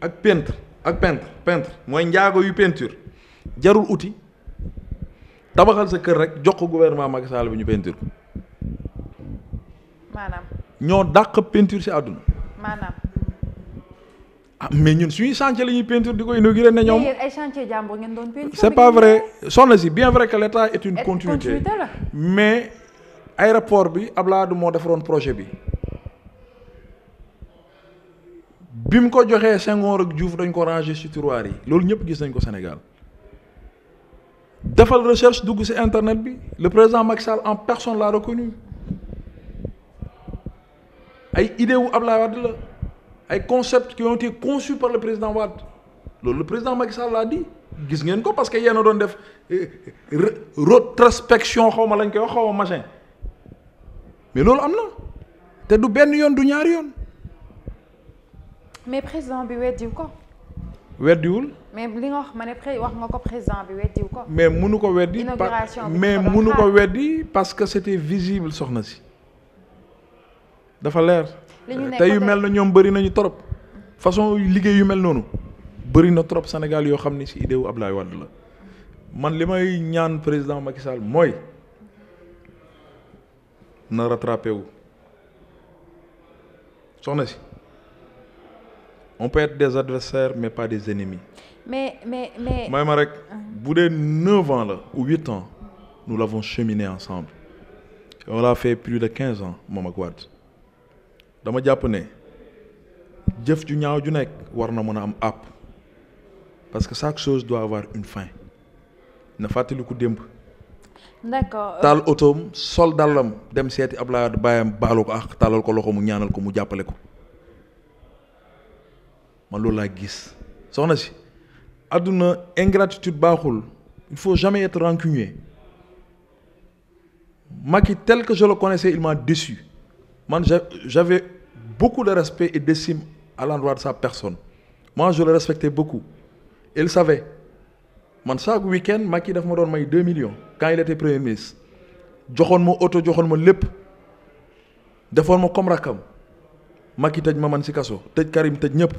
ak peintre ak peintre peintre moy njaago yu peinture jarul outil tabaxal sa keur rek jox ko gouvernement Macky Sall bi ñu peinture manam maanaam. ñoo dàq peinture ci aduna manam ah mais ñun suñu chantier la ñuy peinture di inaugurer inauguré ñom ay chantier jàmbur ngeen doon peinture. c'est pas vrai soxna si bien vrai que l'état est une continuité mais aéroport bi Abdoulaye mo moo projet bi. bim mu ko joxee Senghor ak Diouf dañ ko ranger ci tiroir yi loolu ñëpp gis nañ ko Sénégal defal recherche dugg ci internet bi le président Macky Sall en personne l'a reconnu ay idée wu Ablaye Wade la ay concepts qui ont été conçus par le président Wade loolu le président Macky Sall l'a dit gis ngeen ko parce que yéen a doon def euh, euh, rétrospection xawma lañ koy wax xaw machin mais loolu amna té du ben yoon du ñaar yoon mais président bi ko. mais li nga wax mané wax nga ko président bi ko. mais munu ko mais parce que c'était visible soxna si. dafa leer. mel nañu façon yu mel na Sénégal yo xamni ci idée wu Ablaye Wade la man limay ñaan président Macky Sall moy na wu soxna si on peut être des adversaires mais pas des ennemis. mais mais mais. Mame Marek, rek 9 ans ou 8 ans nous l'avons cheminé ensemble on l'a fait plus de 15 ans Mama ak Dans dama jàpp ne Junior ju ñaaw ju nekk war na de parce que chaque chose doit avoir une fin na fàttaliku démb. d'accord Tal otoom sol dàllam dem seeti Abdoulaye Wade bàyyam baalu ko ak taalal ko loxo mu ñaanal ko mu ko man loolu laa gis soxna ingratitude baaxul il faut jamais être rancunier Maki tel que je le connaissais il m'a déçu man j'avais beaucoup de respect et d'estime à l'endroit de sa personne moi je le respectais beaucoup il savait man chaque week-end Macky daf ma doon may deux millions quand il était premier ministre Il ma auto, joxoon ma lépp defoon ma comme Rakam. Macky tëj ma man Karim tëj ñëpp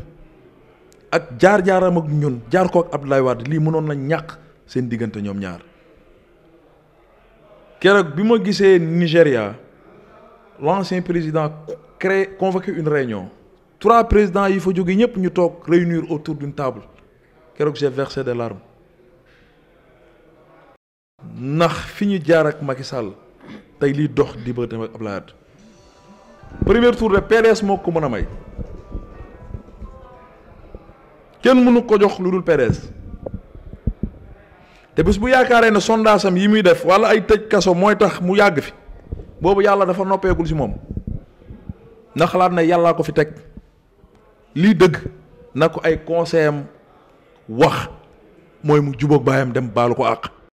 ak jaar-jaaram ak ñun jaar ko ab Abdoulaye lii mënoon na ñàkk seen diggante ñoom ñaar keroog bi ma gisee nigeria l'ancien président créé convoqué une réunion trois présidents yi fa jóge ñëpp ñu toog réunir autour d'une table keroog j'ai versé de larmes ndax fi ñu jaar ak Macky Sall tey liy dox di ba dem ak Abdoulaye Wade premier tour de PDS moo ko mën a may. kenn mënu ko jox lu dul Perez te bés bu yaakaaree ne sondage am yi muy def wala ay tëj kaso mooy tax mu yàgg fi boobu yàlla dafa noppeekul si moom ndax xalaat na yàllaa ko fi teg lii dëgg na ko ay conseil am wax mooy mu jubóog baayam dem baalu ko àq.